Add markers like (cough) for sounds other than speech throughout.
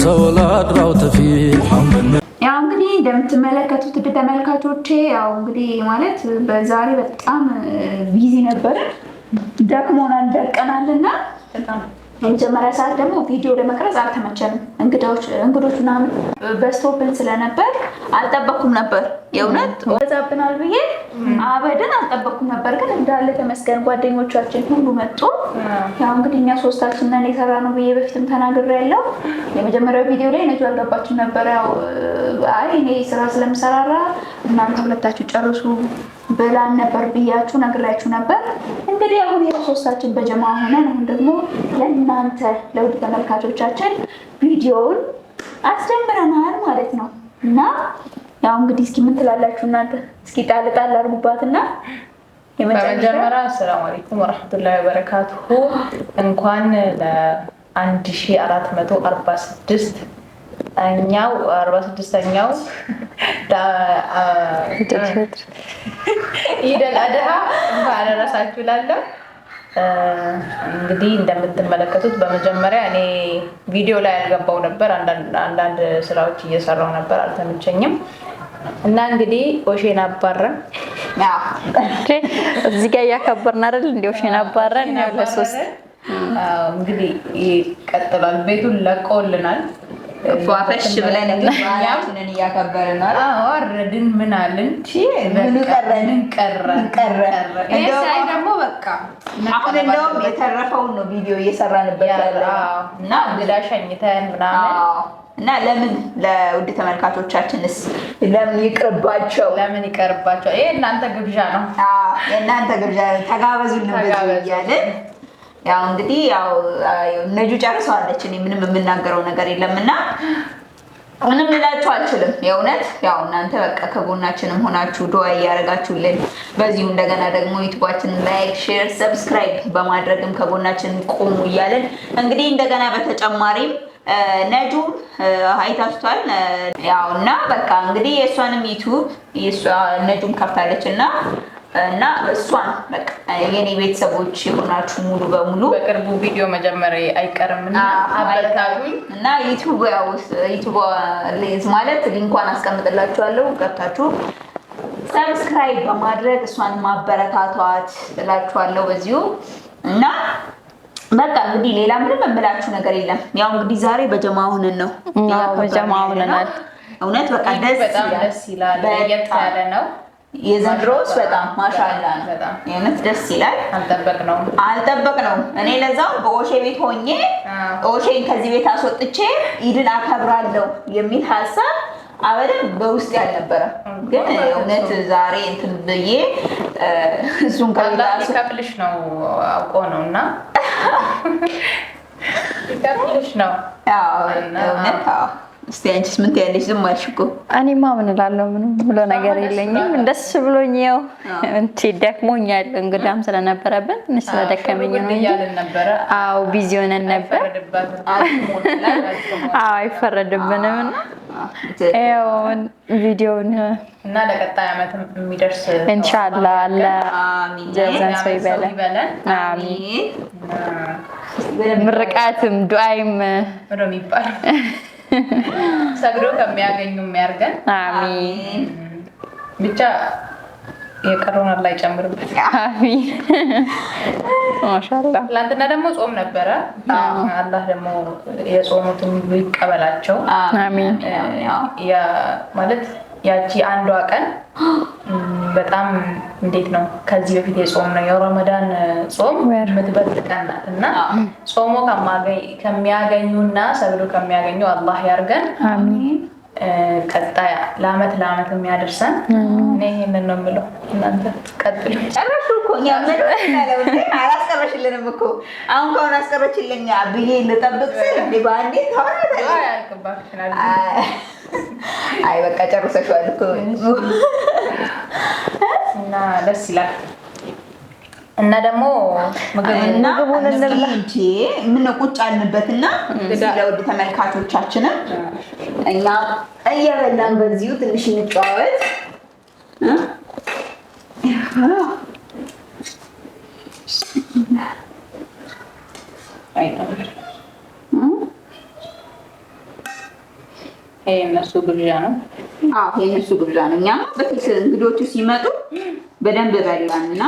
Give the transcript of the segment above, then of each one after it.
ሰው ላድራው ትፊ ያው እንግዲህ እንደምትመለከቱት ውድ ተመልካቾቼ፣ ያው እንግዲህ ማለት በዛሬ በጣም ቢዚ ነበረ፣ ደክሞናል፣ ደቀናልና የመጀመሪያ ሰዓት ደግሞ ቪዲዮ ለመቅረጽ አልተመቸንም። እንግዶች እንግዶች ምናምን በዝቶብን ስለነበር አልጠበኩም ነበር። የእውነት ወዛብናል ብዬ አበድን አልጠበኩም ነበር። ግን እንዳለ ተመስገን ጓደኞቻችን ሁሉ መጡ። ያው እንግዲህ እኛ ሶስታችንን የሰራ ነው ብዬ በፊትም ያለው የመጀመሪያው ቪዲዮ ላይ ነጁ አልገባችም ነበር። ያው አይ እኔ ስራ ስለምሰራራ እናንተ ሁለታችሁ ጨርሱ በላን ነበር ብያችሁ ነግራችሁ ነበር። እንግዲህ አሁን ይኸው ሶስታችን በጀማ ሆነን አሁን ደግሞ ለእናንተ ለውድ ተመልካቾቻችን ቪዲዮውን አስጀምረናል ማለት ነው እና ያው እንግዲህ እስኪ ምን ትላላችሁ እናንተ? እስኪ ጣል ጣል አድርጉባትና በመጀመሪያ አሰላሙ አለይኩም ወረሕመቱላሂ ወበረካቱሁ እንኳን ለአንድ ሺህ አራት መቶ አርባ እኛው አርባ ስድስተኛው ኢደል አድሃ እንኳን አደረሳችሁ እላለሁ። እንግዲህ እንደምትመለከቱት በመጀመሪያ እኔ ቪዲዮ ላይ አልገባው ነበር፣ አንዳንድ ስራዎች እየሰራው ነበር፣ አልተመቸኝም እና እንግዲህ ኦሼን አባረን እዚህ ጋር እያከበርን አይደል? እንዲ ኦሼን አባረን ያው ለሶስት እንግዲህ ይቀጥላል። ቤቱን ለቀውልናል። ፏፈሽ ብለን እንግዲህ እያከበርን ነው። አወረድን ምን አልን ምን ቀረን ቀረን ቀረን ደግሞ በቃ አሁን እንደውም የተረፈውን ነው ቪዲዮ እየሰራንበት እና እንግዳ ሸኝተን ምናምን እና ለምን ለውድ ተመልካቾቻችንስ ለምን ይቅርባቸው? ለምን ይቅርባቸው? ይሄ እናንተ ግብዣ ነው፣ እናንተ ግብዣ ተጋበዙልን ብዙ ያው እንግዲህ ያው ነጁ ጨርሰዋለች። እኔ ምንም የምናገረው ነገር የለም እና ምንም ልላችሁ አልችልም። የእውነት ያው እናንተ በቃ ከጎናችንም ሆናችሁ ዱዓ እያደረጋችሁልን በዚሁ እንደገና ደግሞ ዩቱባችን ላይክ፣ ሼር፣ ሰብስክራይብ በማድረግም ከጎናችን ቆሙ እያለን። እንግዲህ እንደገና በተጨማሪም ነጁ አይታችኋል። ያው እና በቃ እንግዲህ የእሷንም ዩቱብ ነጁም ከፍታለች እና እና እሷን የኔ ቤተሰቦች የሆናችሁ ሙሉ በሙሉ በቅርቡ ቪዲዮ መጀመሪያ አይቀርም እና ዩቱብ ሌዝ ማለት ሊንኳን አስቀምጥላችኋለሁ። ገብታችሁ ሰብስክራይብ በማድረግ እሷን ማበረታቷት እላችኋለሁ በዚሁ እና በቃ እንግዲህ ሌላ ምንም የምላችሁ ነገር የለም። ያው እንግዲህ ዛሬ በጀማ ሆነን ነው በጀማ ሆነናል። እውነት በቃ ደስ ይላል። ለየት ያለ ነው። የዘንድሮስ በጣም ማሻላ ነው። የእውነት ደስ ይላል። አልጠበቅነውም አልጠበቅነውም። እኔ ለዛው በኦሼ ቤት ሆኜ ኦሼን ከዚህ ቤት አስወጥቼ ኢድን አከብራለሁ የሚል ሀሳብ አበደም በውስጥ ያልነበረ ግን እውነት ዛሬ እንትን ብዬ እሱን ከፍልሽ ነው አውቆ ነው እና (laughs) ከፍልሽ ነው እውነት እስቲ አንቺስ ምን ትያለሽ? ዝም አልሽ እኮ። እኔማ ምን እላለሁ? ምንም ብሎ ነገር የለኝም። ደስ ብሎኝ ያው እንት ደክሞኛል፣ እንግዳም ስለነበረብን ትንሽ ስለደከመኝ ነው እንጂ አዎ፣ ቢዚ ሆነን ነበር። አዎ፣ አይፈረድብንም እና ያው ቪዲዮውን እና ለቀጣይ አመት የሚደርስ ኢንሻአላ አለ ጀዛን ሰው ይበለን። አሚን። ምርቃትም ዱአይም ምንም ይባል ሰግዶ ከሚያገኙ የሚያርገን። አሚን። ብቻ የቀረውን አላህ ይጨምርበት። አሚን። ማሻአላህ። ትናንትና ደግሞ ጾም ነበረ። አላህ ደግሞ የጾሙትን ይቀበላቸው። አሚን። ማለት ያቺ አንዷ ቀን በጣም እንዴት ነው ከዚህ በፊት የጾም ነው የረመዳን ጾም የምትበልጥ ቀን ናት እና ጾሞ ከሚያገኙና ሰብሎ ከሚያገኙ አላህ ያርገን። ቀጣይ ለአመት ለአመት የሚያደርሰን እኔ ይሄንን ነው የምለው። እናንተ ቀጥሉ። ጨረሹ እኮ አላስቀረሽልንም እኮ አሁን ከሆነ አስቀረችልኛ ብዬ ልጠብቅ ስል በአንዴ አይ በቃ ጨርሰሻል እኮ እና ደስ ይላል። እና ደግሞ ምግቡን እንብላ እንጂ ምነው ቁጭ አልንበትና ለውድ ተመልካቾቻችንም እኛ እየበላን በዚሁ ትንሽ እንጫወት። አይ የእነሱ ግብዣ ነው። አዎ የእነሱ ግብዣ ነው። እኛ በፊት እንግዶቹ ሲመጡ በደንብ በላን እና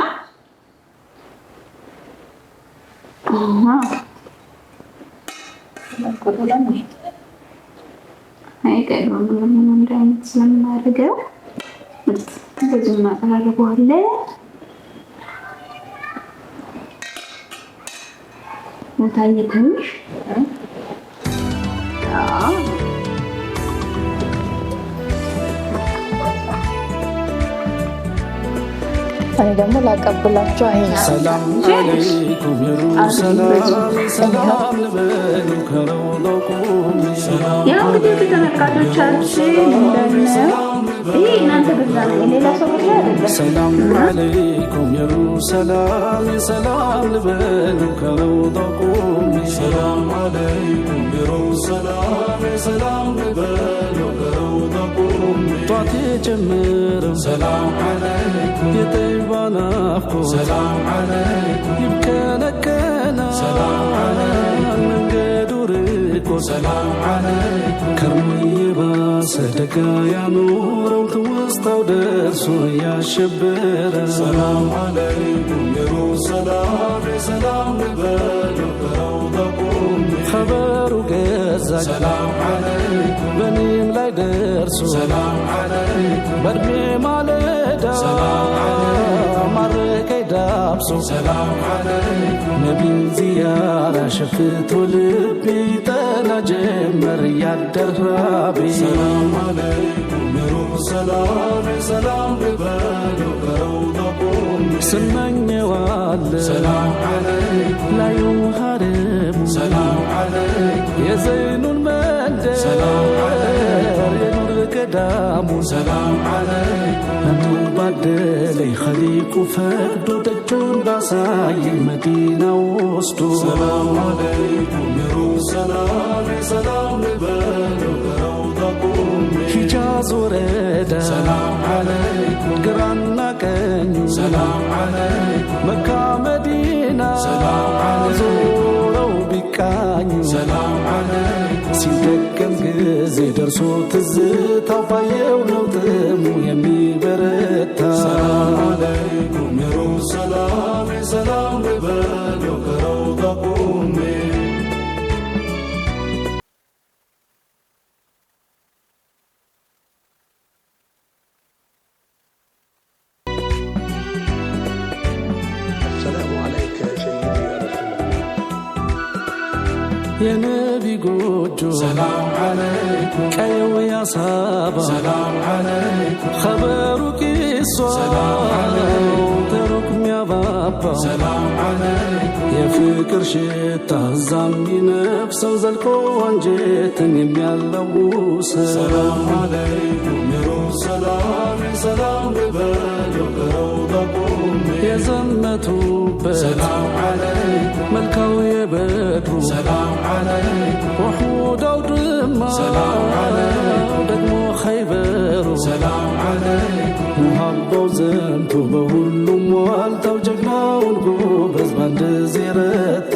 አይቀምምንዳይነት ስለምናደርገው እንደዚህ እናቀራርበዋለን። ታየትንሽ ደግሞ ላቀብላችሁ አይ ያው እንግዲህ ተመልካቾቻችን ይህ እናንተ ነው ሰላም አለይኩም የሩሰላም የሰላም ልበል ከረውዳ ቁሚ ሰላም አለይኩም የሩሰላም የሰላም ልበል ከረውዳ ቁሚ ጧት የጀመረው ሰላም አለይኩም የጠይባ ናፍቆ ሰላም አለይኩም ይብከነከና ሰላም አለይኩም መንገዱ ርቆ ሰላም አለይኩም ከርሞ ይባ ሰደጋ ያኖረው ትውስታው ደርሶ እያሸበረ ሰላም አለይኩም የሩሰላም ሰላም ንበሉ ከበሩ ገ سلام عليكم بنيم لا يدرسوا سلام عليكم برمي ما لدى سلام عليكم يدابسوا سلام عليكم نبي زيارة شفت لبي تنجمر يا الدرابي سلام عليكم نروح سلام سلام ببالو كروضة سمعني والد سلام عليكم لا يوهرم سلام عليكم يزينون مندر سلام عليكم يا نور قدامو سلام عليكم انتم بدل يخليكو فردو دجون باصاي المدينة وسطو سلام عليكم يروم سلام سلام بلو روضة قومي حجاز وريدة سلام عليكم قرانا كنيو سلام عليكم مكة مدينة سلام عليكم زورو بكانيو سلام ሲደገም ጊዜ ደርሶ ትዝታው ባየው ነው ጥሙ የሚበረታ የነቢ ጎጆ ቀየው ያሳባ ከበሩ ቂሶ ተሩክ ሚያባባ የፍቅር ሽታ እዛም ይነፍሰው ዘልቆ ወንጀትን የሚያለውሰ ሰላም አለይኩም ሰላም ሰላም በበለው በረው በቆ የዘመቱበት መልካው የበድሩ ሩሑ ዳውድማ ደግሞ ኸይበሩ ሙሃባው ዘምቱ በሁሉም ዋልታው ጀግናውን ጎበዝ ባንድ ዜረታ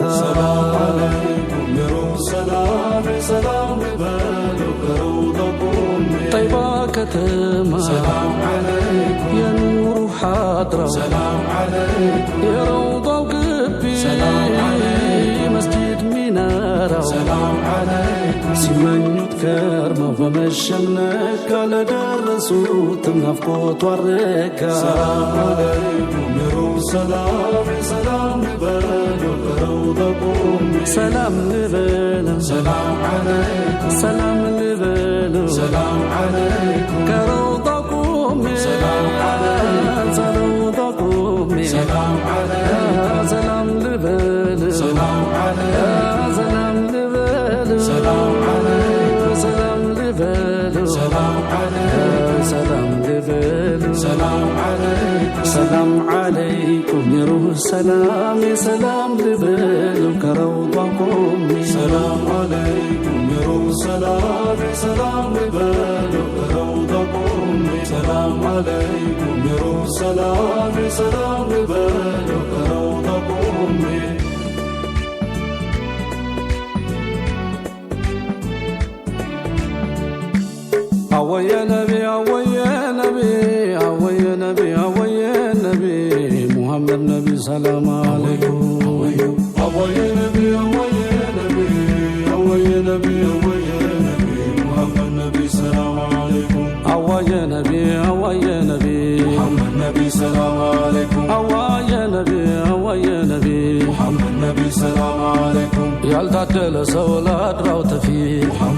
طيبة كتما يا نور የረውዳው ግቢ መስጊድ ሚናራው ሲመኙት ከርመው በመሸነቅ ለደረሱትም ናፍቆቱ አረካ ሰላም ሰላም ሰላም ንበላ ሰላም ሰላም ሰላም ዓለይኩም የሩህ ሰላም ሰላም ልበሉ ከረውዷ ቆሚ ሰላም ዓለይኩም የሩህ ሰላም ሰላም ልበሉ ከረውዷ ቆሚ ሰላም ዓለይኩም سلامي سلام بالك روضة أمي أوي يا نبي أوي يا نبي أوي يا نبي أوي يا نبي محمد نبي سلام عليكم أوي يا نبي أوي يا نبي أوي يا نبي أوي محمد نبي سلام عليكم أوي يا نبي السلام عليكم هوا يا نبي هوا يا نبي محمد نبي سلام عليكم